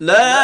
لا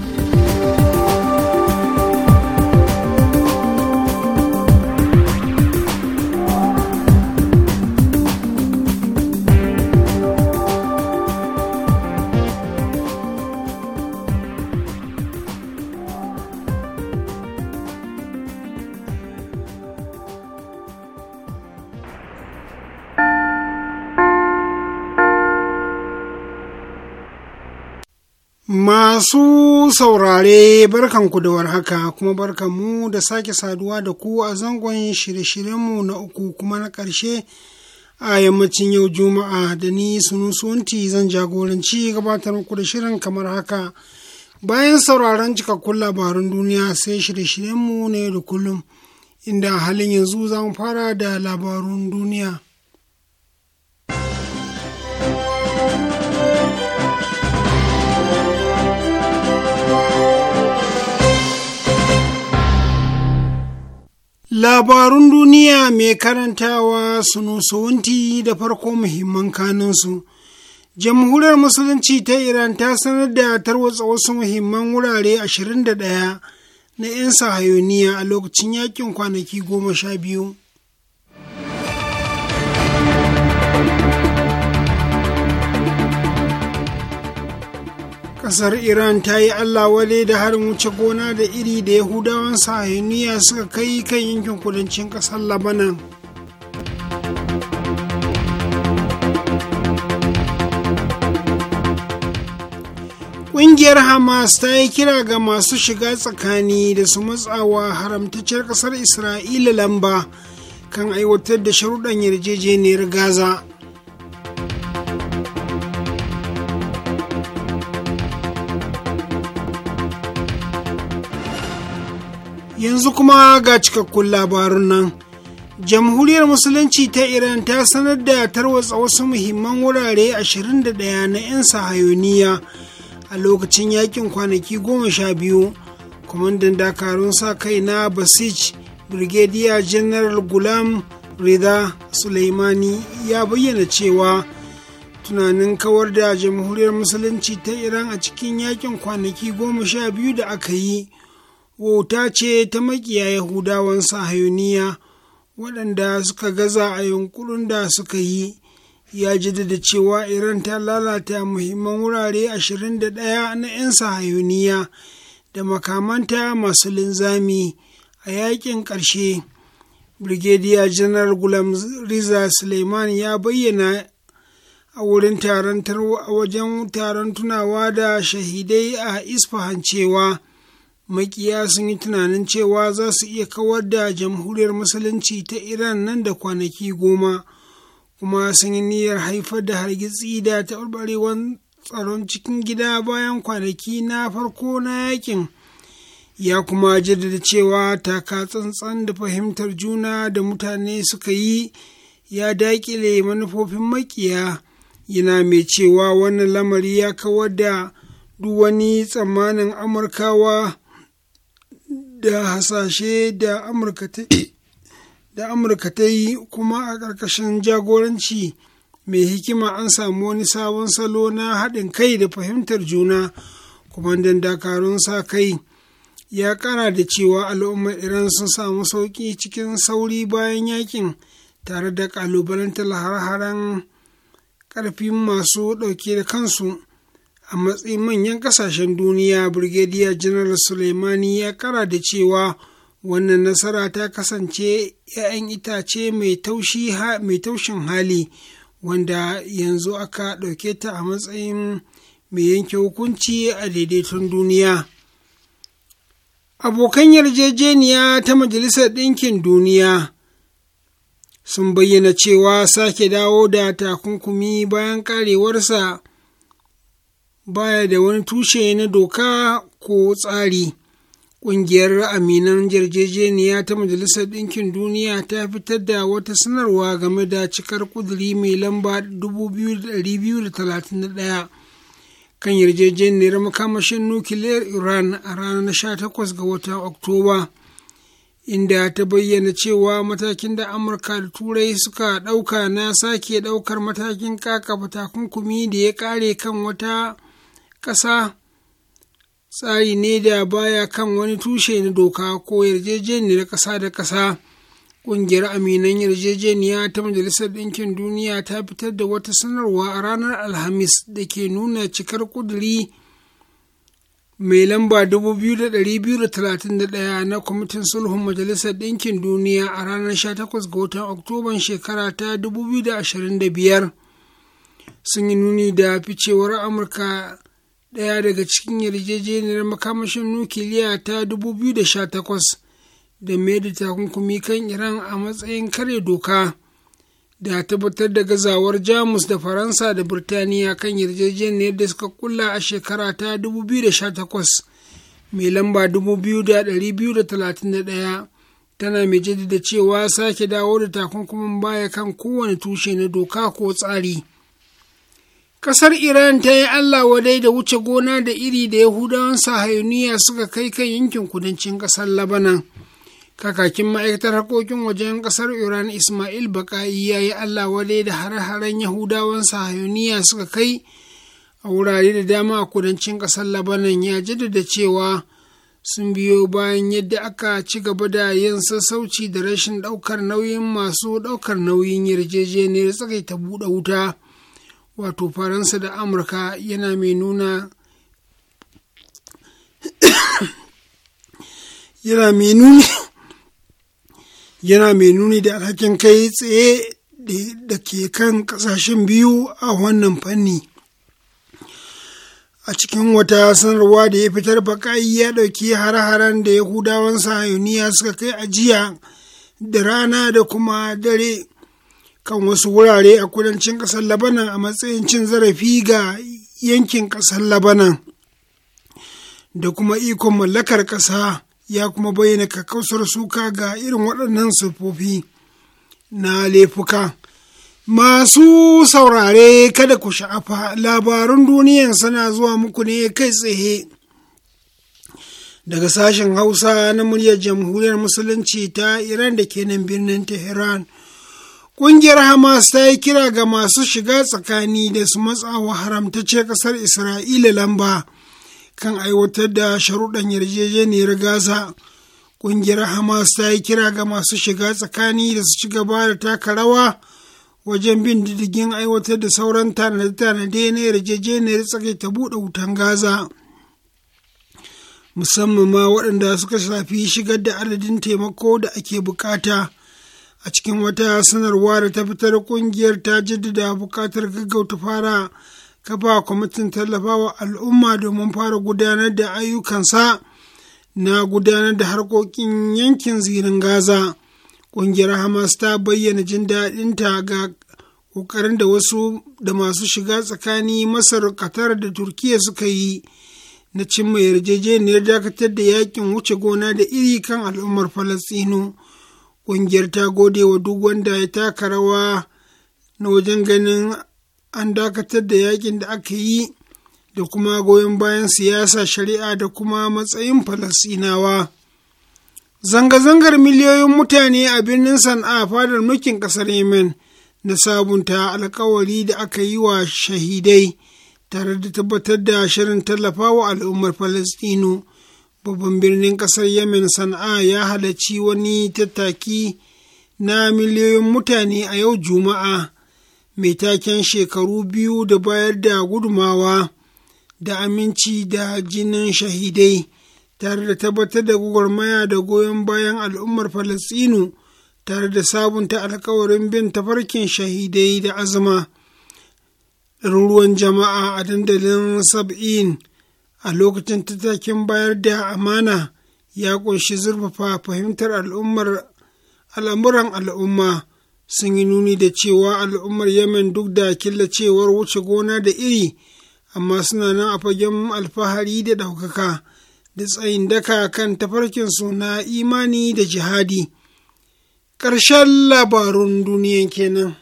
Masu saurare barkanku da warhaka kuma barkanmu da sake saduwa da ku a zangon shirye-shiryenmu na uku kuma na ƙarshe a yammacin yau Juma'a da ni sunusunti zan jagoranci gabatar muku da shirin kamar haka. Bayan sauraron cikakkun labarun duniya sai shirye-shiryenmu ne da kullum inda halin yanzu za mu fara da labarun duniya. Labarun duniya mai karantawa sunusuwunti da farko muhimman kanunsu. Jamhuriyar Musulunci ta Iran ta sanar da tarwatsa wasu muhimman wurare 21 na 'yan sahayoniya a lokacin yakin kwanaki goma sha biyu. kasar iran ta yi allah wale da harin wuce gona da iri da yahudawan sahiniya suka kai kan yankin kudancin kasar labanan Ƙungiyar Hamas ta yi kira ga masu shiga tsakani da su matsawa haramtacciyar ƙasar Isra'ila lamba kan aiwatar da sharuɗan yarjejeniyar Gaza. yanzu kuma ga cikakkun labarun nan jamhuriyar musulunci ta iran ta sanar da tarwatsa wasu muhimman wurare 21 na 'yan sahayoniya a lokacin yakin kwanaki goma sha biyu kwamandan dakarun sa kai na basij brigadier general gulam rida suleimani ya bayyana cewa tunanin kawar da jamhuriyar musulunci ta iran a cikin yakin kwanaki goma sha biyu da aka yi wauta ce ta makiya yahudawan sahayuniya waɗanda suka gaza a yunkurin da suka yi ya ji da cewa iran ta lalata muhimman wurare 21 na 'yan sahayuniya da makamanta masu linzami a yakin ƙarshe brigadier general gulam riza suleiman ya bayyana a wurin taron wajen taron tunawa da shahidai a isfahan cewa makiya sun yi tunanin cewa za su iya kawar da jamhuriyar musulunci ta iran nan da kwanaki goma kuma sun yi niyyar haifar da hargitsi da taɓarɓarewar tsaron cikin gida bayan kwanaki na farko na yakin ya kuma jaddada cewa taka tsantsan da fahimtar juna da mutane suka yi ya daƙile manufofin makiya yana mai cewa wannan lamari ya kawar da duk wani tsammanin amurkawa da hasashe da amurka ta yi kuma a ƙarƙashin jagoranci mai hikima an samu wani sabon salo na haɗin kai da fahimtar juna kwamandan dakarun sa kai ya ƙara da cewa al'ummar iran sun samu sauƙi cikin sauri bayan yakin tare da ƙalubalantar har-haren ƙarfin masu ɗauke da kansu a matsayin manyan kasashen duniya brigadier general suleimani ya kara da cewa wannan nasara ta kasance 'ya'yan itace mai taushin hali wanda yanzu aka ɗauke ta a matsayin mai yanke hukunci a daidaiton duniya abokan yarjejeniya ta majalisar ɗinkin duniya sun bayyana cewa sake dawo da takunkumi bayan karewarsa baya da wani tushe na doka ko tsari. Ƙungiyar aminan yarjejeniya ta Majalisar Ɗinkin Duniya ta fitar da wata sanarwa game da cikar ƙuduri mai lamba 2231 kan yarjejeniyar makamashin nukiliyar Iran a ranar 18 ga watan Oktoba, inda ta bayyana cewa matakin da Amurka da Turai suka ɗauka na sake ɗaukar matakin kakaba takunkumi da ya ƙare kan wata. ƙasa tsari ne da baya kan wani tushe na doka ko yarjejeniya na ƙasa da ƙasa ƙungiyar aminan yarjejeniya ta majalisar ɗinkin duniya ta fitar da wata sanarwa a ranar alhamis da ke nuna cikar ƙuduri mai lamba 2231 na kwamitin sulhun majalisar ɗinkin duniya a ranar 18 ga watan oktoban shekara ta 2025 sun yi nuni da ficewar amurka ɗaya daga cikin yarjejeniyar makamashin nukiliya ta 2018 da mai da takunkumi kan iran a matsayin kare doka da tabbatar da gazawar jamus da faransa da birtaniya kan yarjejeniyar da suka kulla a shekara ta 2018 mai lamba 2231 tana mai jaddada cewa sake dawo da takunkumin baya kan kowane tushe na doka ko tsari Ƙasar Iran ta yi Allah wadai da wuce gona da iri da Yahudawan sahayuniya suka kai kan yankin kudancin ƙasar Labanan. Kakakin ma'aikatar harkokin wajen ƙasar Iran Ismail Baka'i ya yi Allah wadai da hare-haren Yahudawan sahayuniya suka kai a wurare da dama a kudancin ƙasar Labanan ya jaddada cewa sun biyo bayan yadda aka ci gaba da yin sassauci da rashin ɗaukar nauyin masu ɗaukar nauyin yarjejeniyar ta buɗe wuta. wato faransa da amurka yana mai nuna yana mai nuni yana mai nuni da alhakin kai tsaye da ke kan kasashen biyu a wannan fanni a cikin wata sanarwa da ya fitar bakai ya ɗauki har-haren da yahudawan sahayuniya suka kai ajiya da rana da kuma dare kan wasu wurare a kudancin ƙasar labanan a matsayin cin zarafi ga yankin ƙasar labanan da kuma ikon mallakar ƙasa ya kuma bayyana kakkausar suka ga irin waɗannan siffofi na laifuka masu saurare kada ku sha'afa labarun duniyan suna zuwa muku ne kai tsaye daga sashen hausa na muryar jamhuriyar musulunci ta iran da ke nan birnin tehran Ƙungiyar Hamas ta yi kira ga masu shiga tsakani da su matsawa haramtacce ƙasar Isra'ila lamba kan aiwatar da sharuɗan yarjejeniyar Gaza. Ƙungiyar Hamas ta yi kira ga masu shiga tsakani da su ci gaba da taka rawa wajen bin diddigin aiwatar da sauran tanade-tanade na yarjejeniyar ta buɗe wutan Gaza. Musamman ma waɗanda suka shafi shigar da adadin taimako da ake buƙata. a cikin wata sanarwa da ta fitar kungiyar ta jaddada buƙatar gaggauta fara kafa kwamitin tallafawa al'umma domin fara gudanar da ayyukansa na gudanar da harkokin yankin zirin gaza ƙungiyar hamas ta bayyana jin daɗinta ga ƙoƙarin da wasu da masu shiga tsakani masar qatar da turkiya suka yi na cimma yarjejeniyar dakatar da yakin wuce gona da iri kan al'ummar falastinu ƙungiyar ta gode wa duk wanda ya taka rawa na wajen ganin an dakatar da yakin da aka yi da kuma goyon bayan siyasa shari'a da kuma matsayin falasinawa zanga-zangar miliyoyin mutane a birnin sana'a fadar mulkin ƙasar yemen na sabunta alkawari da aka yi wa shahidai tare da tabbatar da shirin tallafa wa al'ummar falasɗinu babban birnin ƙasar yemen sana'a ya halarci wani tattaki na miliyoyin mutane a yau juma'a mai taken shekaru biyu da bayar da gudumawa da aminci da jinin shahidai tare da tabbatar da gwagwarmaya da goyon bayan al'ummar falastinu tare da sabunta alkawarin bin tafarkin shahidai da azuma ruwan jama'a a dandalin sab'in a lokacin tattakin bayar da amana ya ƙunshi zurfafa fahimtar al'ummar al'amuran al'umma sun yi nuni da cewa al'ummar yemen duk da killacewar wuce gona da iri amma suna nan a fagen alfahari da ɗaukaka da tsayin daka kan tafarkin suna imani da jihadi ƙarshen labarun duniyan kenan.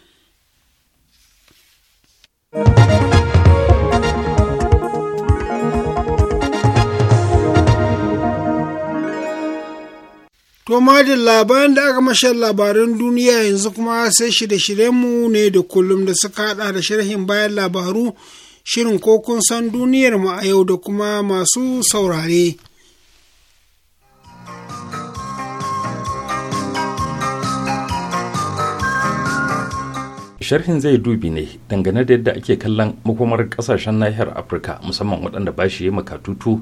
To madalla bayan da aka mashan labaran duniya yanzu kuma sai shirye-shiryenmu ne da kullum da suka hada da sharhin bayan labaru shirin ko kun san duniyar mu a yau da kuma masu saurare. Sharhin zai dubi ne dangane da yadda ake kallon makomar kasashen nahiyar Afirka musamman waɗanda ba shi yi makatutu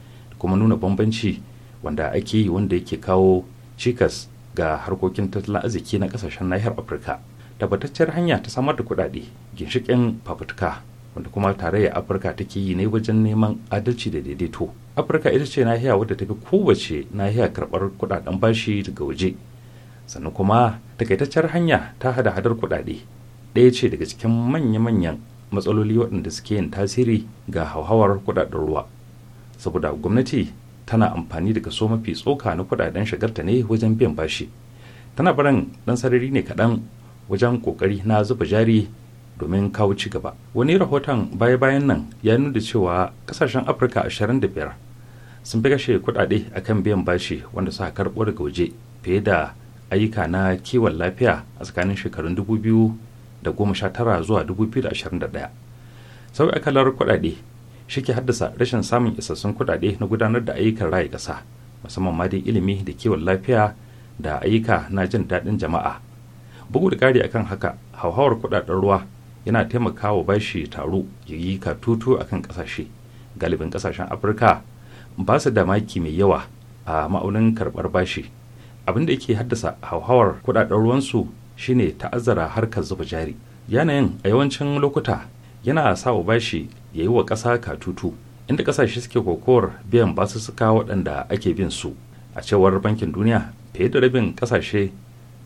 kuma nuna bambanci wanda ake yi wanda yake kawo cikas ga harkokin tattalin arziki na kasashen nahiyar afirka tabbataccen hanya ta samar da kuɗaɗe ginshiƙin fafutuka wanda kuma tarayyar afirka take yi ne wajen neman adalci da daidaito afirka ita ce nahiya wadda ta fi kowace nahiya karɓar kuɗaɗen bashi daga waje sannan kuma takaitaccen hanya ta hada hadar kuɗaɗe ɗaya ce daga cikin manya-manyan matsaloli waɗanda suke yin tasiri ga hauhawar kuɗaɗen ruwa saboda gwamnati tana amfani da kaso mafi tsoka na kudaden shagarta ne wajen biyan bashi tana barin dan sarari ne kaɗan wajen kokari na zuba jari domin kawo ci gaba wani rahoton baya-bayan nan ya nuna cewa kasashen afirka 25 sun fi kashe kudade akan biyan bashi wanda suka karɓo daga waje fiye da ayyuka na kiwon lafiya a tsakanin shekarun 2019 zuwa 2021 sauƙaƙalar kudade shi ke haddasa rashin samun isassun kuɗaɗe na gudanar da ayyukan raya ƙasa musamman ma dai ilimi da kiwon lafiya da ayyuka na jin daɗin jama'a bugu da ƙari akan haka hauhawar kuɗaɗen ruwa yana taimakawa bashi taro ya yi katutu akan ƙasashe galibin ƙasashen afirka ba su da maki mai yawa a ma'aunin karɓar bashi abin da yake haddasa hauhawar kuɗaɗen ruwansu shine ta'azzara harkar zuba jari yanayin a yawancin lokuta yana sa bashi ya yi wa ƙasa katutu inda ƙasashe suke kokowar biyan basussuka waɗanda ake bin su a cewar bankin duniya fiye da rabin ƙasashe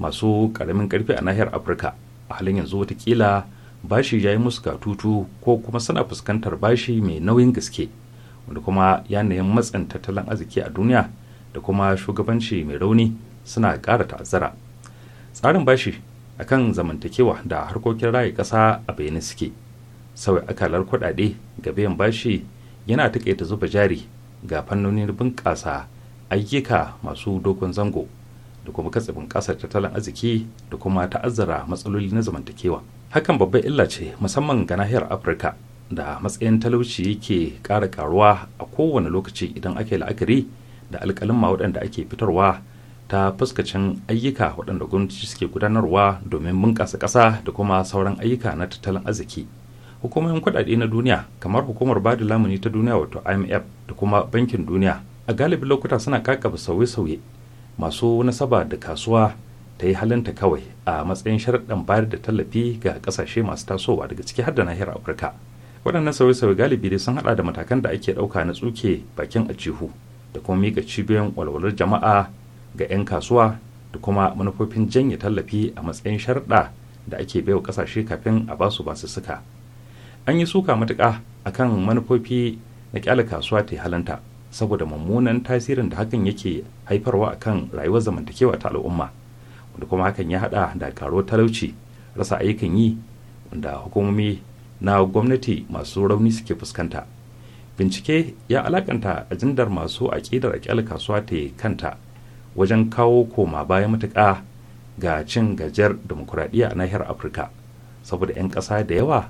masu ƙaramin ƙarfi a nahiyar afirka a halin yanzu watakila bashi ya yi musu katutu ko kuma suna fuskantar bashi mai nauyin gaske wanda kuma yanayin matsin tattalin arziki a duniya da kuma shugabanci mai rauni suna ƙara ta'azzara tsarin bashi akan zamantakewa da harkokin raye ƙasa a bayyane suke sauya akalar kuɗaɗe ga biyan bashi yana taƙaita zuba jari ga fannonin bunƙasa ayyuka masu dogon zango da kuma katsibin ƙasar tattalin arziki da kuma ta'azzara matsaloli na zamantakewa hakan babbar illa ce musamman ga nahiyar afirka da matsayin talauci yake ƙara ƙaruwa a kowane lokaci idan ake la'akari da alƙalin ma waɗanda ake fitarwa ta fuskacin ayyuka waɗanda gwamnati suke gudanarwa domin bunƙasa ƙasa da kuma sauran ayyuka na tattalin arziki hukumomin kudade na duniya kamar hukumar bada lamuni ta duniya wato imf da kuma bankin duniya a galibin lokuta suna kakaba sauye-sauye masu nasaba da kasuwa ta yi halinta kawai a matsayin sharaɗin bayar da tallafi ga ƙasashe masu tasowa daga ciki har da nahiyar afirka waɗannan sauye-sauye galibi dai sun haɗa da matakan da ake ɗauka na tsuke bakin ajihu da kuma miƙa cibiyoyin walwalar jama'a ga 'yan kasuwa da kuma manufofin janye tallafi a matsayin sharaɗa da ake baiwa ƙasashe kafin a basu basu suka an yi suka matuƙa kan manufofi na kyale kasuwa ta halanta saboda mummunan tasirin da hakan yake haifarwa a kan rayuwar zamantakewa ta al'umma wanda kuma hakan ya haɗa da karo talauci rasa ayyukan yi wanda hukumomi na gwamnati masu rauni suke fuskanta bincike ya alakanta ajindar masu aƙidar aƙyal kasuwa ta kanta wajen kawo koma baya matuƙa ga cin gajiyar demokuraɗiyya a nahiyar afirka saboda 'yan ƙasa da yawa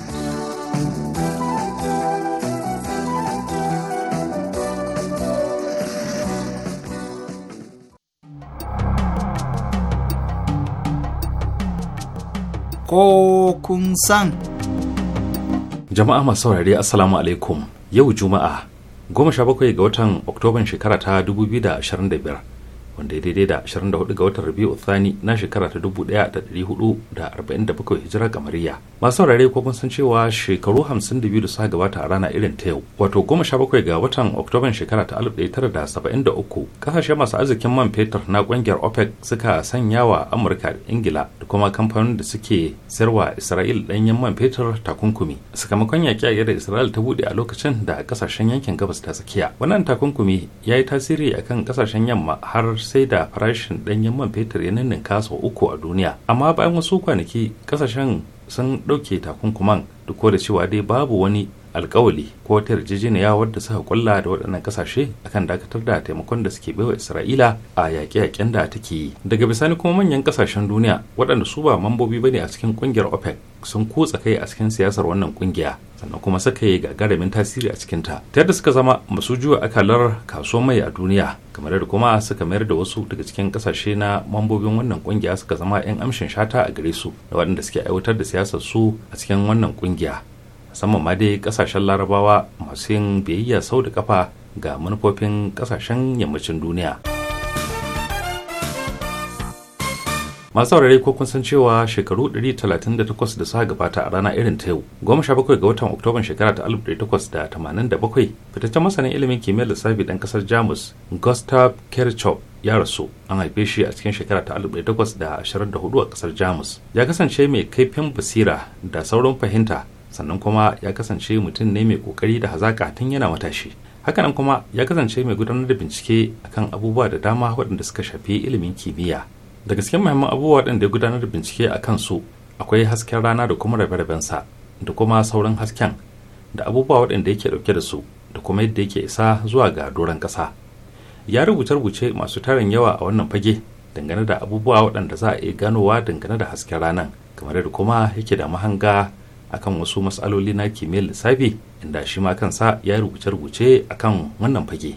ko kun san. Jama'a masu saurari Assalamu alaikum yau Juma'a 17 ga watan Oktoban shekara ta 2025 wanda ya daidai da 24 ga watan Rabiu Thani na shekara ta 1447 hijira kamariya. Masu saurare ko kun san cewa shekaru 52 da suka gabata a rana irin ta yau, wato 17 ga watan Oktoban shekara ta 1973, kasashe masu arzikin man fetur na kungiyar OPEC suka sanya wa Amurka Ingila da kuma kamfanin da suke sayarwa Isra'il danyen man fetur takunkumi. Sakamakon yaƙi da Isra'il ta bude a lokacin da kasashen yankin gabas ta tsakiya. Wannan takunkumi ya yi tasiri akan kasashen yamma har sai da farashin ɗanyen man fetur ya ninninka kaso uku a duniya amma bayan wasu kwanaki kasashen sun ɗauke takunkuman duk da cewa dai babu wani alkawali ko wata yarjejeniya wadda suka kulla da waɗannan kasashe akan dakatar da taimakon da suke baiwa isra'ila a yaƙe-yaƙen da take yi daga bisani kuma manyan kasashen duniya waɗanda su ba mambobi bane a cikin ƙungiyar opec sun kotsa kai a cikin siyasar wannan ƙungiya sannan kuma suka yi gagarumin tasiri a cikinta ta yadda suka zama masu juya akalar kasuwar mai a duniya kamar da kuma suka mayar da wasu daga cikin kasashe na mambobin wannan ƙungiya suka zama 'yan amshin shata a gare su da waɗanda suke aiwatar da siyasar su a cikin wannan ƙungiya musamman ma dai kasashen larabawa masu yin biyayya sau da kafa ga manufofin kasashen yammacin duniya masu saurare ko kun san cewa shekaru 138 da suka gabata a rana irin ta yau goma sha bakwai ga watan oktoban shekara ta 1887 fitaccen masanin ilimin kimiyyar lissafi ɗan ƙasar jamus gustav kirchhoff ya rasu an haife shi a cikin shekara ta 1824 a ƙasar jamus ya kasance mai kaifin basira da sauran fahimta sannan kuma ya kasance mutum ne mai kokari da hazaka tun yana matashi hakanan kuma ya kasance mai gudanar da bincike akan abubuwa da dama waɗanda suka shafi ilimin kimiyya da gaske muhimman abubuwa waɗanda ya gudanar da bincike a kansu akwai hasken rana da kuma rabe sa da kuma sauran hasken da abubuwa waɗanda yake ɗauke da su da kuma yadda yake isa zuwa ga doron ƙasa ya rubuce rubuce masu tarin yawa a wannan fage dangane da abubuwa waɗanda za a iya ganowa dangane da hasken ranan kamar yadda kuma yake da mahanga akan wasu matsaloli na kimiyyar lissafi inda shi ma kansa ya yi rubuce-rubuce akan wannan fage.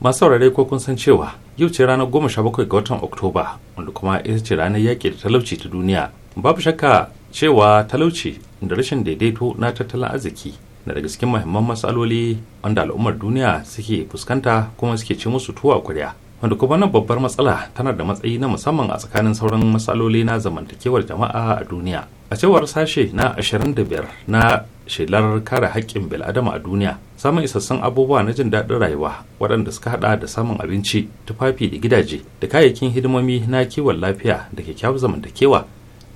masu saurare ko kun san cewa yau ce ranar goma sha bakwai ga watan oktoba wanda kuma ita ce ranar yaƙi da talauci ta duniya babu shakka cewa talauci da rashin daidaito na tattalin arziki na daga cikin mahimman matsaloli wanda al'ummar duniya suke fuskanta kuma suke ci musu tuwa kuriya wanda kuma wannan babbar matsala tana da matsayi na musamman a tsakanin sauran matsaloli na zamantakewar jama'a a duniya a cewar sashe na 25 na shelar kare haƙƙin bil'adama a duniya samun isassun abubuwa na jin daɗin rayuwa waɗanda suka haɗa da samun abinci tufafi da gidaje da kayayyakin hidimomi na kiwon lafiya da kyakkyawar zamantakewa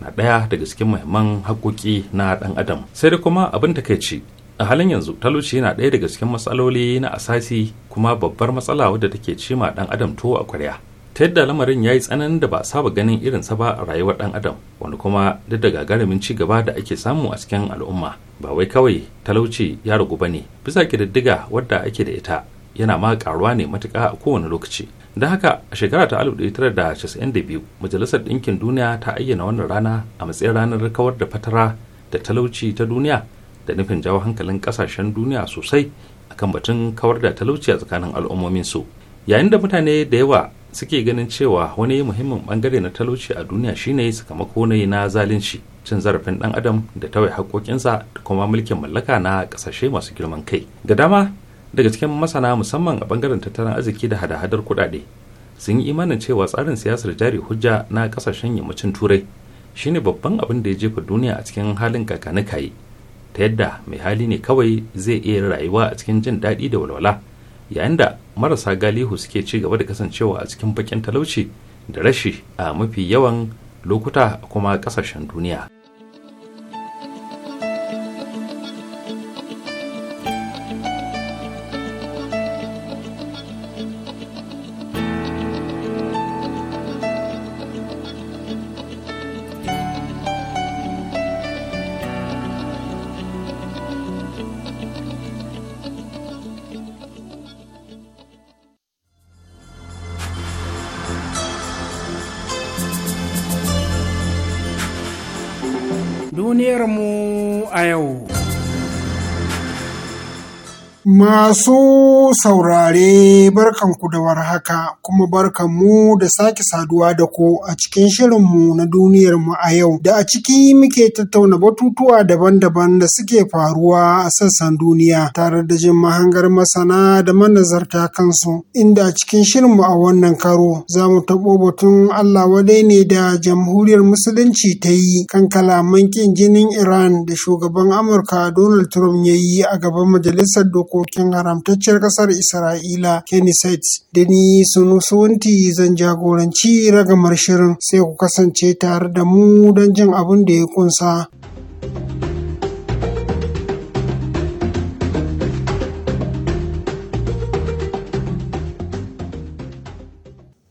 na ɗaya daga cikin muhimman haƙoƙi na ɗan adam sai da kuma abin takaici a halin yanzu talauci yana ɗaya daga cikin matsaloli na asasi kuma babbar matsala wadda take cima ɗan adam tuwo a kwarya ta yadda lamarin ya yi tsananin da ba a saba ganin irinsa ba a rayuwar ɗan adam wanda kuma duk da gagarumin ci gaba da ake samu a cikin al'umma ba wai kawai talauci ya ragu ba ne bisa ƙididdiga wadda ake da ita yana ma karuwa ne matuƙa a kowane lokaci Da haka a shekara ta da da biyu, majalisar ɗinkin duniya ta ayyana wannan rana a matsayin ranar kawar da fatara da talauci ta duniya da nufin jawo hankalin kasashen duniya sosai kan batun kawar da talauci a tsakanin al'ummomin su yayin da mutane da yawa suke ganin cewa wani muhimmin bangare na talauci a duniya shine sakamako ne na zalunci cin zarafin dan adam da tawaye haƙoƙinsa da kuma mulkin mallaka na ƙasashe masu girman kai ga dama daga cikin masana musamman a bangaren tattalin arziki da hada-hadar kuɗaɗe sun yi imanin cewa tsarin siyasar jari hujja na ƙasashen yammacin turai shine babban abin da ya jefa duniya a cikin halin kakanikayi ta yadda mai hali ne kawai zai iya rayuwa a cikin jin daɗi da walwala yayin da marasa galihu suke ci gaba da kasancewa a cikin bakin talauci da rashi a mafi yawan lokuta kuma ƙasashen duniya. Masu saurare barkanku da haka, kuma barkanmu da sake saduwa da ku a cikin shirinmu na duniyarmu a yau da a ciki muke tattauna batutuwa daban-daban da suke faruwa a sassan duniya tare da jin mahangar masana da manazarta kansu inda a cikin shirinmu a wannan karo za mu taɓo batun Allah wadai ne da jamhuriyar musulunci ta yi kan kalaman ƙin jinin Iran da shugaban Amurka Donald Trump ya yi a gaban majalisar dokoki. makwabcin haramtaccen ƙasar Isra'ila Kenneset. Da ni Sunusuwanti zan jagoranci ragamar shirin sai ku kasance tare da mu don jin abin da ya kunsa.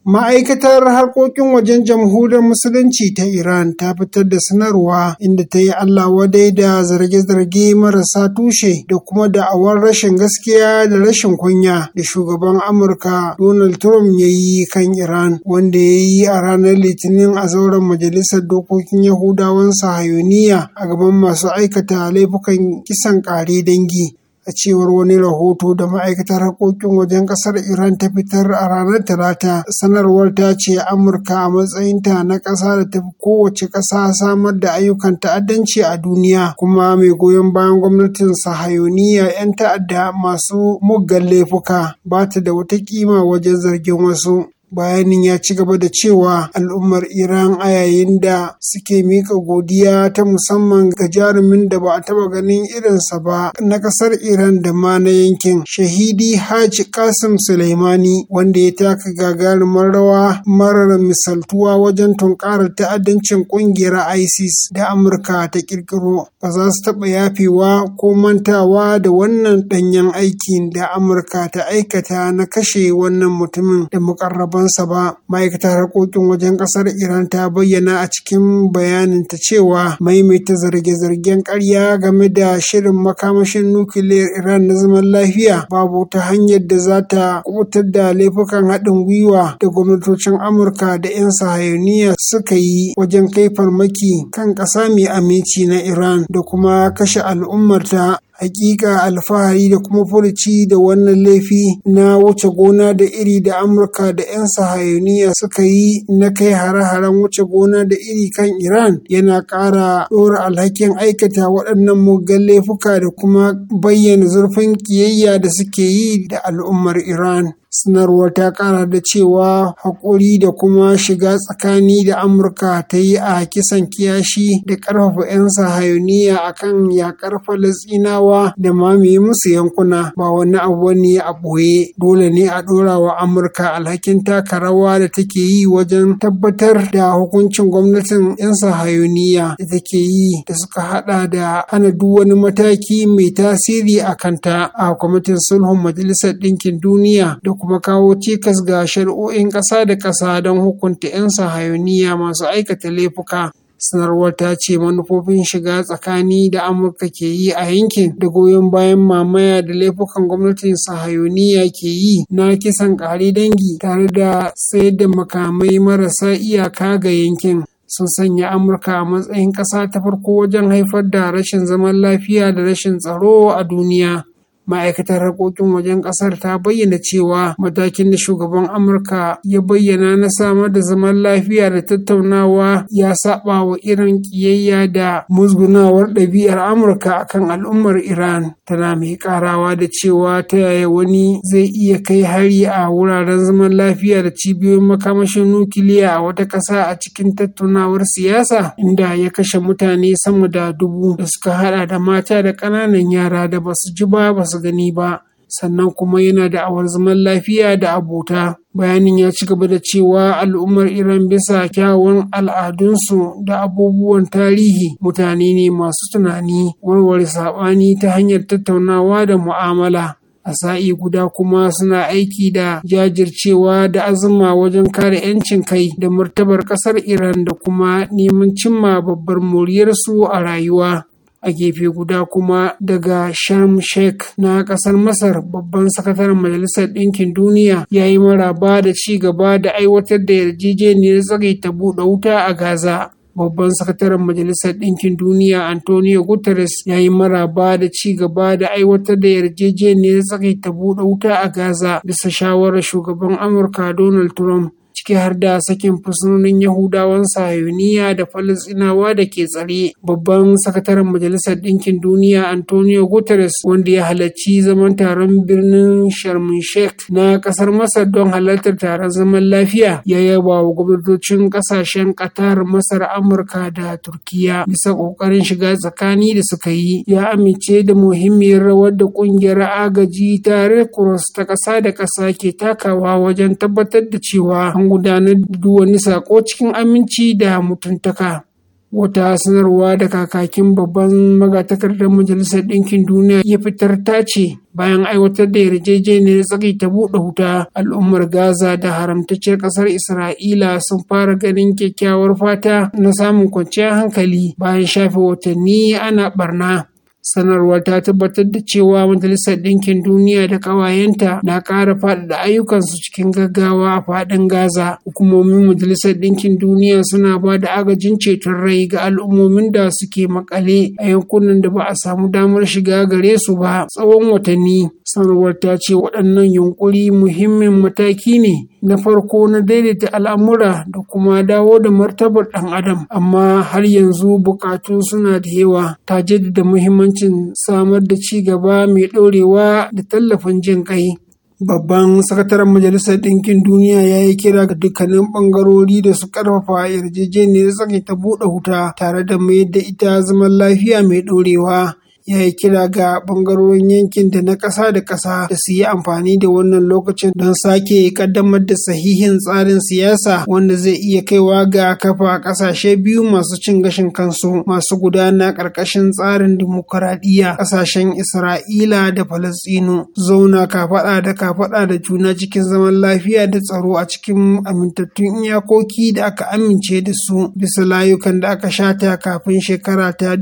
Ma'aikatar harkokin wajen jamhuriyar Musulunci ta Iran ta fitar da sanarwa inda ta yi Allah wadai da zarge-zarge marasa tushe da kuma da'awar rashin gaskiya da rashin kunya da shugaban Amurka Donald Trump ya yi kan Iran wanda ya yi a ranar Litinin a zauren Majalisar Dokokin Yahudawan Sahayuniya a gaban masu aikata laifukan kisan ƙare dangi. a cewar wani rahoto da ma'aikatar harkokin wajen kasar iran ta fitar a ranar talata sanarwar ta ce amurka a matsayinta na ƙasa da ta fi kowace ƙasa samar da ayyukan ta'addanci a duniya kuma mai goyon bayan gwamnatin sahayoniya 'yan ta'adda masu muggan laifuka ba ta da wata kima wajen zargin wasu bayanin ya ci gaba da cewa al'ummar iran a yayin da suke mika godiya ta musamman ga jarumin da ba a taba ganin irinsa ba na ƙasar iran da ma na yankin shahidi haji kasim suleimani wanda ya taka gagarumar rawa marar misaltuwa wajen tunkarar ta'addancin ƙungiyar isis da amurka ta kirkiro ba za su taba yafewa ko mantawa da wannan ɗanyen aikin da amurka ta aikata na kashe wannan mutumin da muƙarraba gabansa ba ma'aikatar harkokin wajen ƙasar iran ta bayyana a cikin bayaninta cewa maimaita zarge-zargen karya game da shirin makamashin nukiliyar iran na zaman lafiya babu ta hanyar da za ta kubutar da laifukan haɗin gwiwa da gwamnatocin amurka da 'yan sahayuniya suka yi wajen kai farmaki kan ƙasa mai aminci na iran da kuma kashe al'ummarta hakika alfahari da kuma furuci da wannan laifi na wuce gona da iri da amurka da 'yan sahayoniya suka yi na kai hare-haren wuce gona da iri kan iran yana ƙara ɗora alhakin aikata waɗannan muggan laifuka da kuma bayyana zurfin kiyayya da suke yi da al'ummar iran Sanarwar ta kara da cewa haƙuri da kuma shiga tsakani da Amurka ta yi a kisan kiyashi da ƙarfafa 'yan sahayoniya a kan yaƙar Falasɗinawa da mamaye musu yankuna ba wani abu ne a ɓoye dole ne a ɗora wa Amurka alhakin taka rawa da take yi wajen tabbatar da hukuncin gwamnatin 'yan sahayoniya da take yi da suka haɗa da hana duk wani mataki mai tasiri a kanta a kwamitin sulhun Majalisar Ɗinkin Duniya da kuma kuma kawo cikas ga shari'o'in ƙasa da ƙasa don hukunta 'yan sahayoniya masu aikata laifuka. sanarwar ta ce manufofin shiga tsakani da amurka ke yi a yankin da goyon bayan mamaya da laifukan gwamnatin sahayoniya ke yi na kisan ƙare dangi tare da sayar da makamai marasa iyaka ga yankin sun sanya amurka a matsayin ƙasa ta farko wajen haifar da rashin zaman lafiya da rashin tsaro a duniya ma'aikatar harkokin wajen ƙasar ta bayyana cewa matakin da shugaban amurka ya bayyana na samar da zaman lafiya da tattaunawa ya saba wa irin ƙiyayya da musgunawar ɗabi'ar amurka akan al'ummar iran tana mai ƙarawa da cewa ta yaya wani zai iya kai hari a wuraren zaman lafiya da cibiyoyin makamashin nukiliya a wata ƙasa a cikin tattaunawar siyasa inda ya kashe mutane sama da dubu da suka hada da mata da ƙananan yara da basu ji ba basu masu gani ba sannan kuma yana da'awar zaman lafiya da abota bayanin ya ci gaba da cewa al'ummar iran bisa kyawun al'adunsu da abubuwan tarihi mutane ne masu tunani warware saɓani ta hanyar tattaunawa da mu'amala a sa'i guda kuma suna aiki da jajircewa da azuma wajen kare 'yancin kai da martabar ƙasar iran da kuma neman cimma babbar muryarsu a rayuwa a gefe guda kuma daga sharm sheikh na kasar masar babban sakataren majalisar ɗinkin duniya ya yi maraba da ci gaba da aiwatar da yarjejeniyar ta buɗe wuta a gaza babban sakataren majalisar ɗinkin duniya antonio guterres ya yi maraba da ci gaba da aiwatar da yarjejeniyar ta buɗe wuta a gaza bisa shawarar shugaban amurka donald trump ciki har da sakin fursunonin Yahudawan Sahayuniya da Falasɗinawa da ke tsare. Babban sakataren Majalisar Ɗinkin Duniya Antonio Guterres wanda ya halarci zaman taron birnin Sharm Sheikh na ƙasar Masar don halartar taron zaman lafiya ya yaba wa gwamnatocin ƙasashen Qatar, Masar, Amurka da Turkiya bisa ƙoƙarin shiga tsakani da suka yi. Ya amince da muhimmiyar rawar da ƙungiyar agaji tare Cross ta ƙasa da ƙasa ke takawa wajen tabbatar da cewa gudanar da wani sako cikin aminci da mutuntaka. Wata sanarwa da kakakin babban magatakardar Majalisar Ɗinkin Duniya ya fitar ta ce bayan aiwatar da yarjejeniyar tsaki ta buɗe wuta al'ummar Gaza da haramtacciyar ƙasar Isra'ila sun fara ganin kyakkyawar fata na samun kwanciyar hankali bayan shafe watanni ana barna. sanarwar ta tabbatar da cewa majalisar ɗinkin duniya da ƙawayenta na ƙara faɗaɗa ayyukansu cikin gaggawa a faɗin gaza hukumomin majalisar ɗinkin duniya suna ba da agajin ceton rai ga al'ummomin da suke makale a yankunan da ba a samu damar shiga gare su ba tsawon watanni sanarwar ta ce waɗannan yunƙuri muhimmin mataki ne na farko na daidaita al'amura da kuma dawo da martabar ɗan adam amma har yanzu buƙatu suna da yawa ta jaddada muhimmancin samar da ci gaba mai ɗorewa da tallafin jin ƙai Babban sakataren Majalisar Ɗinkin Duniya ya yi kira ga dukkanin ɓangarori da su ƙarfafa yarjejeniyar tsakaita buɗe huta tare da mayar da ita zaman lafiya mai ɗorewa. ya yi kira ga ɓangarorin yankin da na ƙasa da ƙasa da su yi amfani da wannan lokacin don sake kaddamar da sahihin tsarin siyasa wanda zai iya kaiwa ga kafa ƙasashe biyu masu cin gashin kansu masu gudana ƙarƙashin tsarin dimokuraɗiyya ƙasashen isra'ila da falastinu zauna kafaɗa da kafaɗa da juna cikin zaman lafiya da tsaro a cikin amintattun iyakoki da aka amince da su bisa layukan da aka shata kafin shekara ta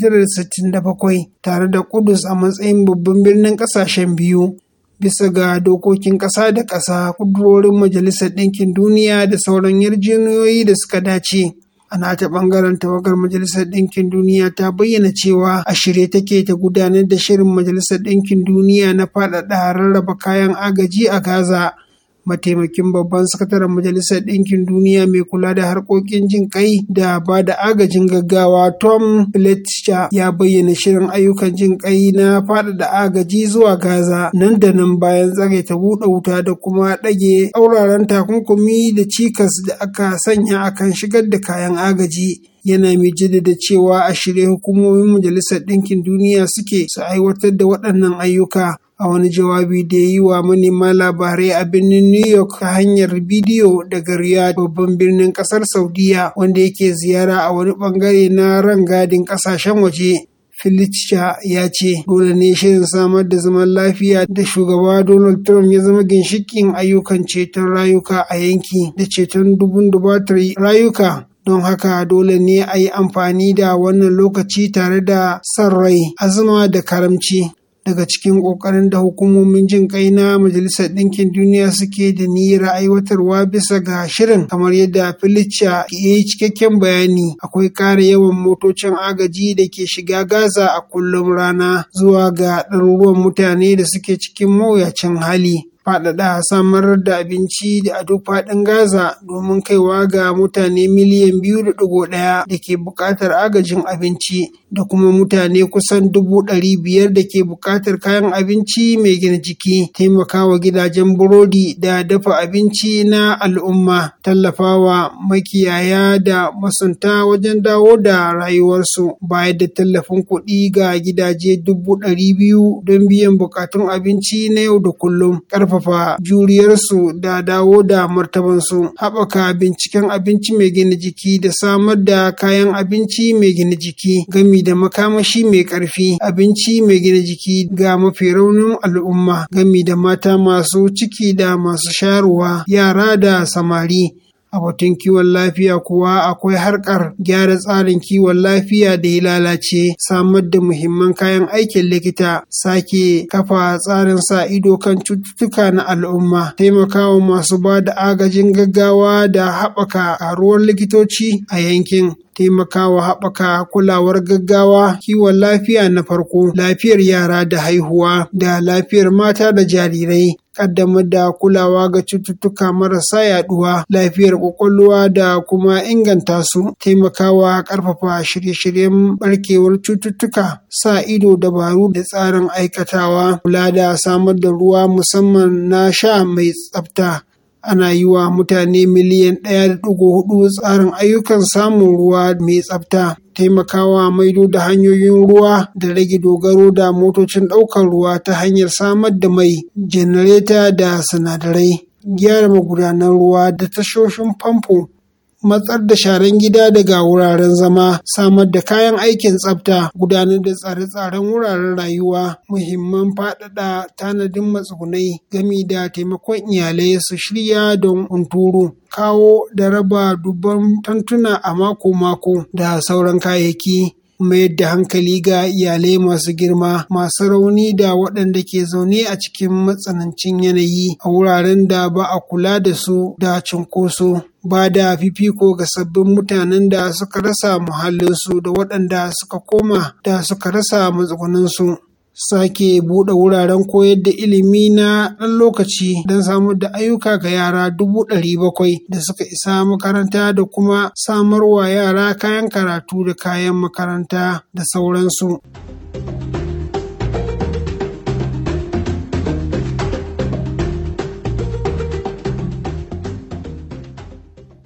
1967 bakwai tare da Kudus a matsayin babban birnin ƙasashen biyu. Bisa ga dokokin ƙasa da ƙasa, kudurorin Majalisar Ɗinkin Duniya da sauran yarjejeniyoyi da suka dace. a nata bangaren tawagar majalisar ɗinkin duniya ta bayyana cewa a shirye take ta gudanar da shirin majalisar ɗinkin duniya na faɗaɗa rarraba kayan agaji a gaza mataimakin babban sakataren majalisar ɗinkin duniya mai kula da harkokin jin kai da ba da agajin gaggawa tom fletcher ya bayyana shirin ayyukan jin kai na faɗaɗa agaji zuwa gaza nan da nan bayan tsare ta buɗe wuta da kuma ɗage tsauraran takunkumi da cikas da aka sanya akan shigar da kayan agaji yana mai jaddada cewa a shirye hukumomin majalisar ɗinkin duniya suke su aiwatar da waɗannan ayyuka a wani jawabi da ya yi wa manema labarai a birnin New York ta hanyar bidiyo daga Riyadh babban birnin kasar Saudiya wanda yake ziyara a wani bangare na ran gadin kasashen waje. Filicha ya ce dole ne shirin samar da zaman lafiya da shugaba Donald Trump ya zama ginshikin ayyukan ceton rayuka a yanki da ceton dubun dubatar rayuka don haka dole ne a yi amfani da wannan lokaci tare da son rai azuma da karamci daga cikin ƙoƙarin da hukumomin jin kai na Majalisar Ɗinkin Duniya suke da niyyar aiwatarwa bisa ga shirin kamar yadda Filicia ya yi cikakken bayani akwai ƙara yawan motocin agaji da ke shiga Gaza a kullum rana zuwa ga ɗaruruwan mutane da suke cikin mawuyacin hali. faɗaɗa samar da abinci a duk faɗin Gaza domin kaiwa ga mutane miliyan biyu da ɗigo ɗaya da ke buƙatar agajin abinci da kuma mutane kusan dubu ɗari biyar da ke buƙatar kayan abinci mai gina jiki, taimakawa gidajen burodi da dafa abinci na al'umma, tallafawa makiyaya da masunta wajen dawo da rayuwarsu, bayar da tallafin kuɗi ga gidaje dubu ɗari biyu don biyan buƙatun abinci na yau da kullum. ƙarfafa juriyarsu da dawo da martabansu haɓaka binciken abinci mai gina jiki da samar da kayan abinci mai gina jiki gami da makamashi mai ƙarfi abinci mai gina jiki ga mafi raunin al'umma gami da mata masu ciki da masu shayarwa yara da samari A batun kiwon lafiya kuwa akwai harkar gyara tsarin kiwon lafiya da ya lalace, samar da muhimman kayan aikin likita, sake kafa tsarin sa ido kan cututtuka na al'umma, taimakawa masu ba da agajin gaggawa da haɓaka a ruwan likitoci a yankin. taimakawa haɓaka kulawar gaggawa kiwon lafiya na farko lafiyar yara da haihuwa da lafiyar mata da jarirai Kaddamar da kulawa ga cututtuka marasa yaduwa, lafiyar ƙwaƙwalwa da kuma inganta su, taimakawa ƙarfafa shirye-shiryen barkewar cututtuka, sa ido dabaru da tsarin aikatawa, kula da samar da ruwa musamman na sha mai tsafta. ana yi wa mutane miliyan ɗaya da ɗigo hudu tsarin ayyukan samun ruwa mai tsafta taimakawa maido da hanyoyin ruwa da rage dogaro da motocin ɗaukar ruwa ta hanyar samar da mai janareta da sinadarai gyara magudanan ruwa da tashoshin famfo matsar da sharan gida daga wuraren zama, samar da kayan aikin tsafta, gudanar da tsare-tsaren wuraren rayuwa, muhimman faɗaɗa tanadin matsugunai gami da taimakon iyalai su shirya don unturu, kawo da raba dubban tantuna a mako-mako da sauran kayayyaki mayar da hankali ga iyalai masu girma masu rauni da waɗanda ke zaune a cikin matsanancin yanayi a wuraren da ba a kula da su da cunkoso ba da fifiko ga sabbin mutanen da suka rasa muhallinsu da waɗanda suka koma da suka rasa matsugunansu sake buɗe wuraren koyar da ilimi na ɗan lokaci don samar da ayyuka ga yara dubu ɗari bakwai da suka isa makaranta da kuma samarwa yara kayan karatu da kayan makaranta da sauransu.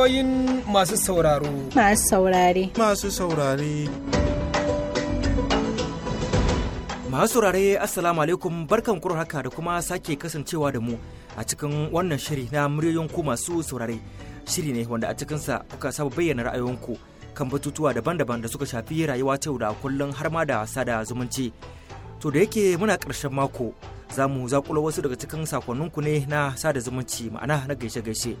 ra'ayoyin masu sauraro. Masu saurare. Masu saurare. Masu saurare Assalamu alaikum barkan kuro haka da kuma sake kasancewa da mu a cikin wannan shiri na muryoyin ku masu saurare. Shiri ne wanda a cikinsa kuka saba bayyana ra'ayoyinku kan batutuwa daban-daban da suka shafi rayuwa ta da kullum har ma da sada zumunci. To da yake muna ƙarshen mako za mu zaƙulo wasu daga cikin sakonninku ne na sada zumunci ma'ana na gaishe-gaishe.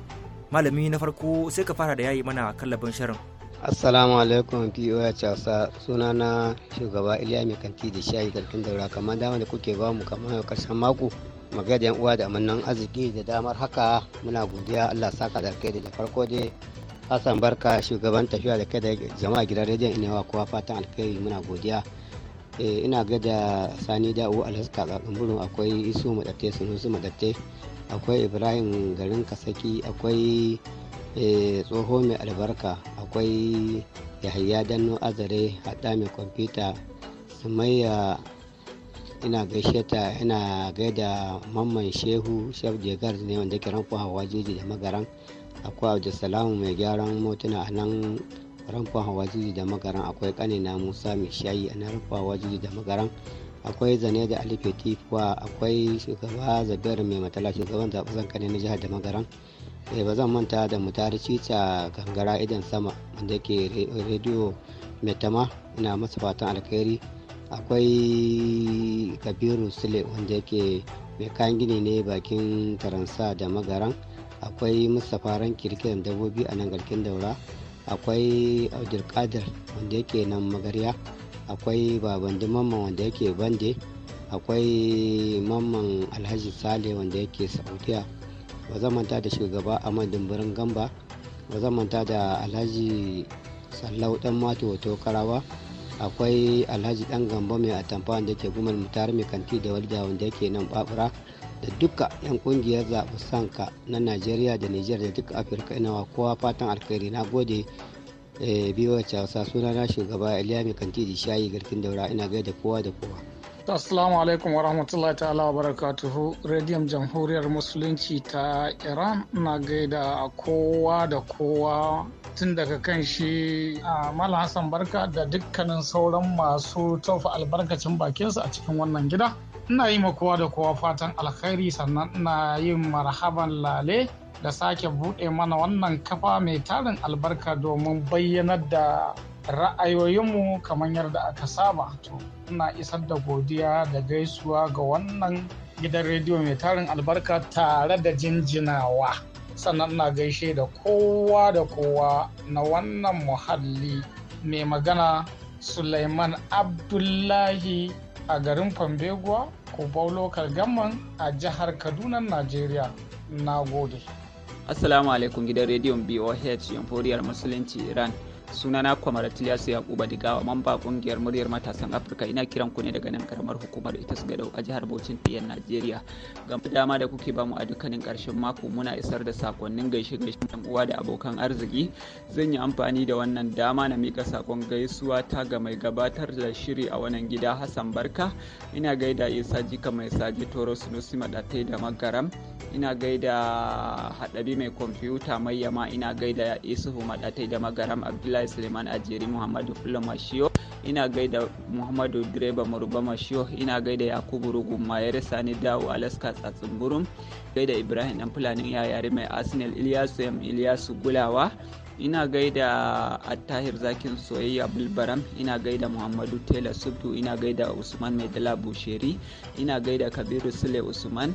malami na farko sai ka fara da yayi mana kallabin shirin assalamu alaikum poh hausa suna na shugaba iliya mai kanti da shayi karfin daura kamar dama da kuke ba mu kamar karshen mako magana uwa da amannan arziki da damar haka muna godiya allah saka da kai da farko dai hassan barka shugaban tafiya da kai da jama'a gidan rediyon inewa kowa fatan alkhairi muna godiya eh, ina gada sani da uwa alaska tsatsin burin akwai isu madatte sunusu madatte akwai ibrahim garin kasaki akwai eh, tsoho mai albarka akwai yahaya danno azare hada mai kwamfuta sumayya ina gaishe ta ina gaida mamman shehu shef jegar ne wanda ke ranko hawa jeji da magaran akwai abdulsalamu mai gyaran motuna a nan ranko hawa da magaran akwai kanina musa mai shayi a nan ranko hawa da magaran akwai zane da alifeti kuwa akwai shugaba zabiyar mai matala shugaban zaɓen zankane na jihar da magaran eh, ba zan manta da mutari cica gangara idan sama wanda ke rediyo metama ina masa fatan alkhairi akwai kabiru sule wanda yake mai kayan gini ne bakin taransa da magaran akwai mustapha ran kirkiran dabbobi a nan garkin daura akwai abdulkadir wanda yake nan magariya akwai babandi mamman wanda yake bande akwai mamman alhaji sale wanda yake saudiya ba zan manta da shugaba amma dumburin gamba ba zan manta da alhaji sallau dan mato wato karawa akwai alhaji dan gamba mai atamfa wanda yake gumar mutar mai kanti da walda wanda yake nan babura da duka yan kungiyar zaɓi sanka na najeriya da nijar da duka afirka wa kowa fatan alkhairi na gode Eh, biyu a casa suna na shugaba iliya mai kanti da shayi garkin daura ina gaida kowa da kowa Assalamu alaikum wa rahmatullahi ta'ala wa barakatuhu Radiyon Jamhuriyar Musulunci ta Iran na gaida kowa da kowa tun daga kan shi a Mala Hassan Barka da dukkanin sauran masu taufa albarkacin bakinsu a cikin wannan gida. ina yi ma kowa da kowa fatan alkhairi sannan ina yin marhaban lale da sake buɗe mana wannan kafa mai tarin albarka domin bayyanar da ra'ayoyinmu kamar yadda aka saba to ina isar da godiya da gaisuwa ga wannan gidan rediyo mai tarin albarka tare da jinjinawa sannan ina gaishe da kowa da kowa na wannan muhalli mai magana suleiman abdullahi a garin fambeguwa Kubau Lokal Gamman a jihar Kaduna, Najeriya. Na gode. Assalamu alaikum gidan rediyon BOH Yamforiyar Musulunci Iran. sunana kwamar tiliyasu yakuba digawa mamba kungiyar muryar matasan afirka ina kiran ku ne daga nan karamar hukumar ita su gadau a jihar bauchin tiyar najeriya ga dama da kuke bamu a dukkanin karshen mako muna isar da sakonnin gaishe gaishe yan uwa da abokan arziki zan yi amfani da wannan dama na mika sakon gaisuwa ta ga mai gabatar da shiri a wannan gida hassan barka ina gaida isa jika mai saji toro sunusi madatai da magaram ina gaida haɗabi mai kwamfuta mai yama ina gaida isuhu madatai da magaram abdullahi abdullahi suleiman ajeri muhammadu fulla mashiyo ina gaida muhammadu direba maruba mashiyo ina gaida yakubu rugun Mayere sani dawo alaska tsatsin gaida ibrahim dan fulanin yayari mai arsenal iliyasu yam iliyasu gulawa ina gaida attahir zakin soyayya bulbaram ina gaida muhammadu taylor subtu ina gaida usman mai dala busheri ina gaida kabiru sule usman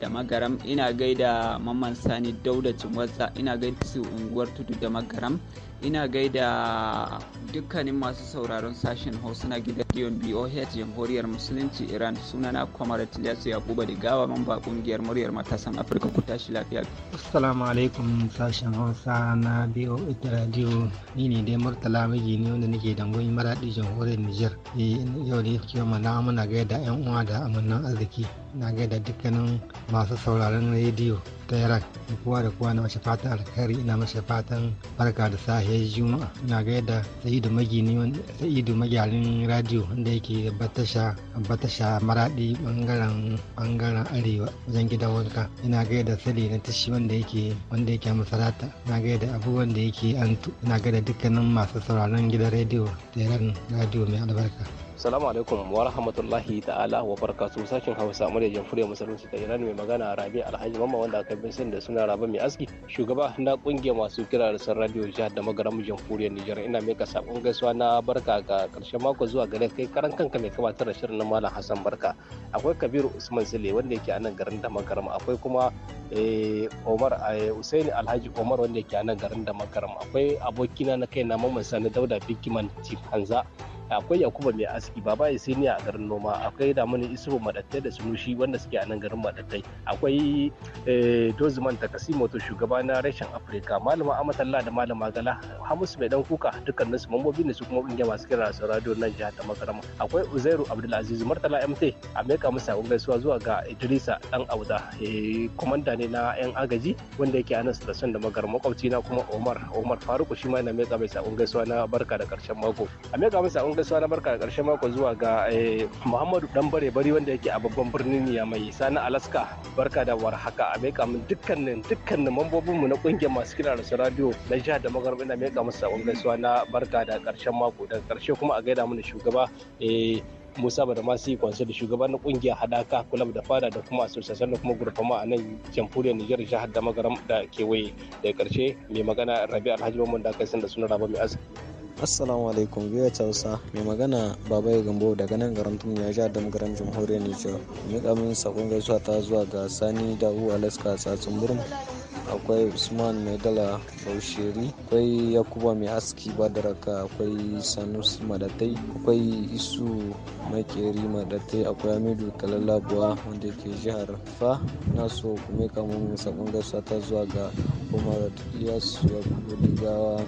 da magaram ina gaida mamman sani dauda cin ina gaida su unguwar tudu da magaram ina gaida dukkanin masu sauraron sashen hausa na gidan rediyon boh jamhuriyar musulunci iran sunana kwamar ya yakuba da gawa mamba kungiyar muryar matasan afirka ku tashi lafiya assalamu alaikum sashen hausa na boh radio ni ne dai murtala miji ne wanda nake dangon maraɗi jamhuriyar niger eh, yau da yake mana muna gaida yan uwa da amannan arziki na gaida dukkanin masu sauraron rediyo ta yaran da kowa da kowa na mashi fatan alkhairi ina mashi fatan barka da sahiyar juma'a ina gaida sa'idu magini sa'idu magyarin radio wanda yake batasha batasha maradi bangaren bangaren arewa wajen gida wanka ina gaida sali na tashi wanda yake wanda yake masarata ina gaida abu wanda yake antu ina gaida dukkanin masu sauraron gidan radio ta yaran radio mai albarka Salamu alaikum wa rahmatullahi ta'ala wa barakatuhu sashen Hausa murya jamhuriyar musulunci ta Iran mai magana Rabi Alhaji Mamma wanda aka bin sani da suna raba mai aski shugaba na kungiyar masu kira da san radio jihar da magaram jamhuriyar Nijar ina mai sabon gaisuwa na barka ga karshen mako zuwa gare kai karan kanka mai gabatar da shirin na Malam Hassan Barka akwai Kabiru Usman Sule wanda yake a nan garin da magaram akwai kuma eh, Omar eh, usain Alhaji Omar wanda yake a nan garin da magaram akwai abokina na kai na Mamman Sani Dauda Bikiman Chief Hanza akwai yakuba mai aski baba isiniya a garin noma akwai damani isufu madattai da sunushi wanda suke a nan garin madattai akwai ta eh, takasimo to shugaba na reshen afirka malama amatalla da malama gala hamisu mai dan kuka dukkan su mambobi ne su kuma masu kira su radio nan jihar ta makarama akwai uzairu abdulaziz murtala mt a meka musa gaisuwa zuwa ga idrisa dan auda eh, komanda ne na yan agaji wanda yake a nan station da magar makwabci na kuma omar omar faruku shi ma yana meka mai sakon gaisuwa na barka da karshen mako a meka gaisuwa na barka da mako zuwa ga eh, Muhammadu Dan Bare Bari wanda yake a babban birnin Yamai sana Alaska barka da warhaka a meka mun dukkanin dukkanin mambobin mu na kungiyar masu kira da su radio na jihar da magarbi na meka musu sabon gaisuwa na barka da karshen mako daga karshe kuma a gaida mana shugaba eh, Musa ba da masu yi kwanse da shugaban kungiyar hadaka kulab da fada da kuma asusasan da kuma gurfama a nan jamhuriyar Nijar jihar da magaram da kewaye da karshe mai magana Rabi Alhaji Mamman da kai sun da suna raba mai aski. assalamu alaikum biyu hausa mai magana baba ya gambo daga nan garin tum ya ja da magaran jamhuriyar nijar miƙa min sakon gaisuwa ta zuwa ga sani da u alaska tsatsun burin akwai usman mai dala bausheri akwai yakuba mai aski badaraka akwai sanus madatai akwai isu mai keri madatai akwai amidu kalalabuwa wanda ke jihar fa na so kuma kamun sakon gaisuwa ta zuwa ga umar iyasu yakubu digawa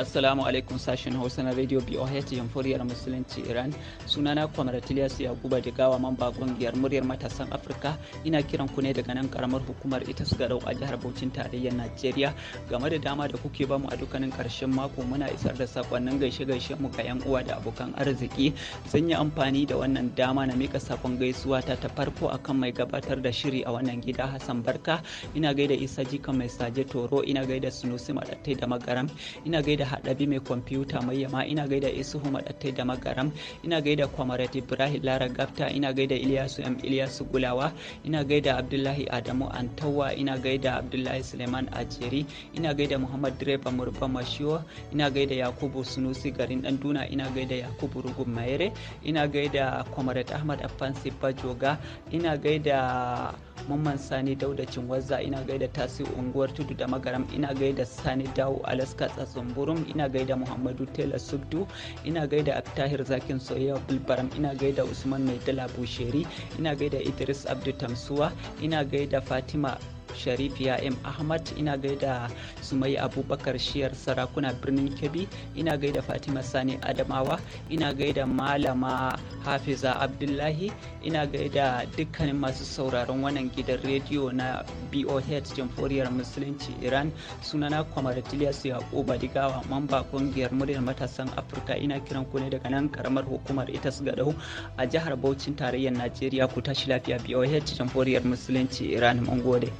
Assalamu alaikum sashen Hausa na Radio BOH Jamhuriyar Musulunci Iran. Sunana Kwamar Tilias Yakuba Digawa mamba kungiyar muryar matasan Afirka. Ina kiran ku ne daga nan karamar hukumar ita su garau a jihar Bauchin tarayyar Najeriya. Game da dama da kuke bamu a dukkanin karshen mako muna isar da sakonnin gaishe gaishe mu ga yan uwa da abokan arziki. Zan yi amfani da wannan dama na mika sakon gaisuwa ta ta farko akan mai gabatar da shiri a wannan gida Hassan Barka. Ina gaida Isa Jika mai saje Toro, ina gaida Sunusi Madattai da Magaram, ina gaida gaida haɗabi mai kwamfuta mai yama ina gaida isuhu maɗatai da magaram ina gaida kwamarat ibrahim lara gafta ina gaida iliyasu m iliyasu gulawa ina gaida abdullahi adamu antawa ina gaida abdullahi suleiman ajeri ina gaida muhammad direba murba mashiwa ina gaida yakubu sunusi garin dan duna ina gaida yakubu rugun mayere ina gaida kwamarat ahmad afansi bajoga ina gaida Mamman Sani Dauda waza ina gaida tasi unguwar tudu da magaram ina gaida Sani Dawo Alaska Tsatsun Kurum ina gaida Muhammadu Taylor Subdu ina gaida Abtahir Zakin Soyayya Bulbaram ina gaida Usman Mai Dala Busheri ina gaida Idris Abdu Tamsuwa ina gaida Fatima sharifiya m ahmad ina gaida sumai abubakar shiyar sarakuna birnin kebbi ina gaida fatima sani adamawa ina gaida malama hafiza abdullahi ina gaida dukkanin masu sauraron wannan gidan rediyo na boh jamhuriyar musulunci iran sunana kwamar tiliyasu yakuba digawa mamba kungiyar muryar matasan afirka ina kiran ku ne daga nan karamar hukumar itas gadau a jihar bauchin tarayyar najeriya ku tashi lafiya boh jamhuriyar musulunci iran mun gode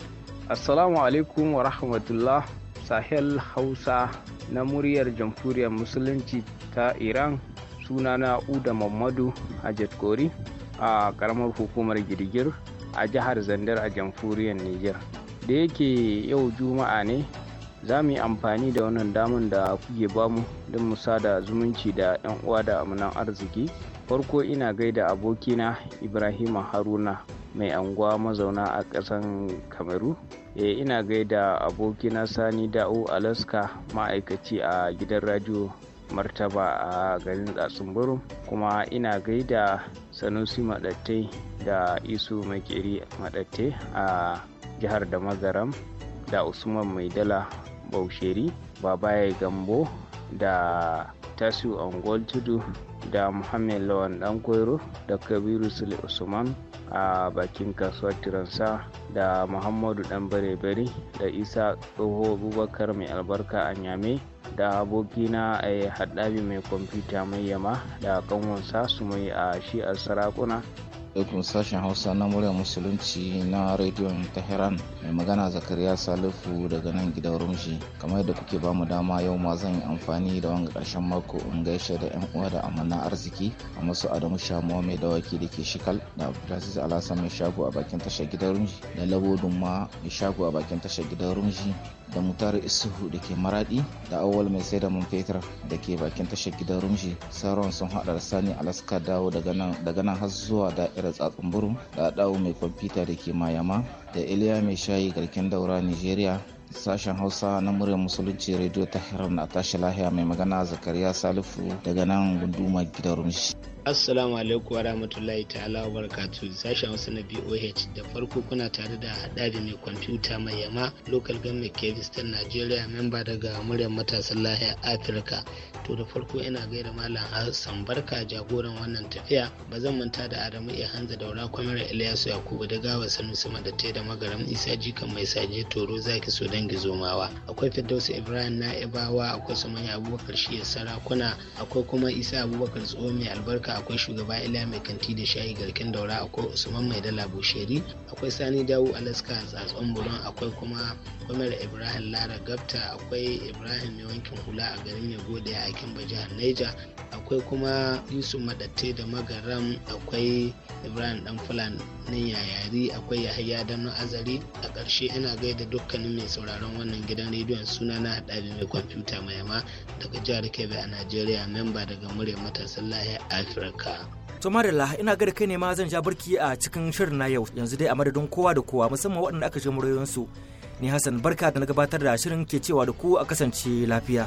Assalamu alaikum wa rahmatullah Sahel Hausa na muryar jamhuriyar Musulunci ta Iran sunana Uda Mamadu a Kori a karamar hukumar girgir a jihar Zandar a jamhuriyar Nijar. Da yake yau Juma'a ne za mu yi amfani da wannan damun da kuke bamu don musa da zumunci da 'yan uwa da amunan arziki. Farko ina gaida abokina Ibrahim Haruna mai anguwa mazauna a ƙasar kamaru e, ina gaida abokina sani da'o alaska ma'aikaci a gidan radio martaba a garin tsatsunburu kuma ina gaida sanusi maɗatte da isu makeri maɗatte a jihar da mazaram da usman maidala bausheri babaye gambo da tasiu angol tudu da muhammed lawan dan da kabiru sule usman a bakin kasuwar tiransa da muhammadu dan bare-bari da isa tsoho abubakar mai albarka a nyame da abokina a eh, haɗabi mai kwamfuta mai yama da kanwansa su mai a shi a sarakuna alaikum sashen hausa na murya musulunci na rediyon tahiran mai magana zakariya salifu daga nan gidan rumshi kamar yadda kuke ba mu dama yau ma zan yi amfani da wanga karshen mako in gaishe da yan uwa da amana arziki a masu adamu shamuwa mai dawaki da ke shikal da abdulaziz alasan mai shago a bakin tashar gidan rumshi da labodin ma mai shago a bakin tashar gidan rumshi da mutar isuhu da ke maradi da awal mai sai da man fetur da ke bakin tashar gidan rumshi sauran sun hada da sani alaska dawo daga nan har zuwa da'irar burin da dawo mai kwamfuta da ke mayama da iliya mai shayi garken daura nigeria sashen hausa na muryar musulunci radio ta na tashi lahiya mai magana zakariya salifu daga nan gunduma gidan rumshi Assalamu alaikum warahmatullahi ta'ala wa barakatu sashen wasu na BOH da farko kuna tare da hada mai kwamfuta mai yama local government Kebbi ta Najeriya memba daga muryar matasan lahiyar Afirka. To da farko ina gaida Malam Hassan Barka jagoran wannan tafiya ba zan manta da Adamu iya hanza daura kwamar Ilyasu Yakubu da gawa Sanusi Madatte da magaram Isa Jika mai saje Toro zaki so dangi gizomawa. Akwai Firdausi Ibrahim Na'ibawa akwai Sumaya Abubakar shi ya sarakuna akwai kuma Isa Abubakar tsoho mai albarka haka akwai shugaba ila mai kanti da shayi garken daura akwai usman mai dala busheri akwai sani dawo alaska tsatson buron akwai kuma kwamar ibrahim lara gabta akwai ibrahim mai wankin hula a garin mai gode a kimba jihar niger akwai kuma yusuf madatte da magaram akwai ibrahim dan fulani nan yayari akwai yahaya na azari a ƙarshe ina gaida dukkanin mai sauraron wannan gidan rediyon suna na haɗari mai kwamfuta mai yama daga jihar kebe a nigeria memba daga murya matasan lahiyar afirka To Marilla, ina gada kai ne ma zan ja barki a cikin shirin na yau yanzu dai a madadin kowa da kowa musamman waɗanda aka je murayensu. Ni Hassan barka da na gabatar da shirin ke cewa da ku a kasance lafiya.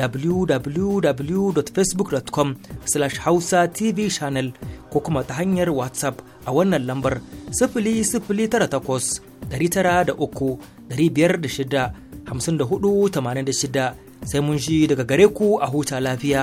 www.facebook.com slash hausa tv channel ko kuma ta hanyar whatsapp a wannan lambar sifili sifili da takwas tara uku biyar 00983 506 sai mun shi daga gare ku a huta lafiya.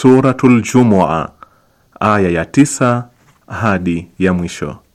Suratul Jumua aya ya tisa hadi ya mwisho.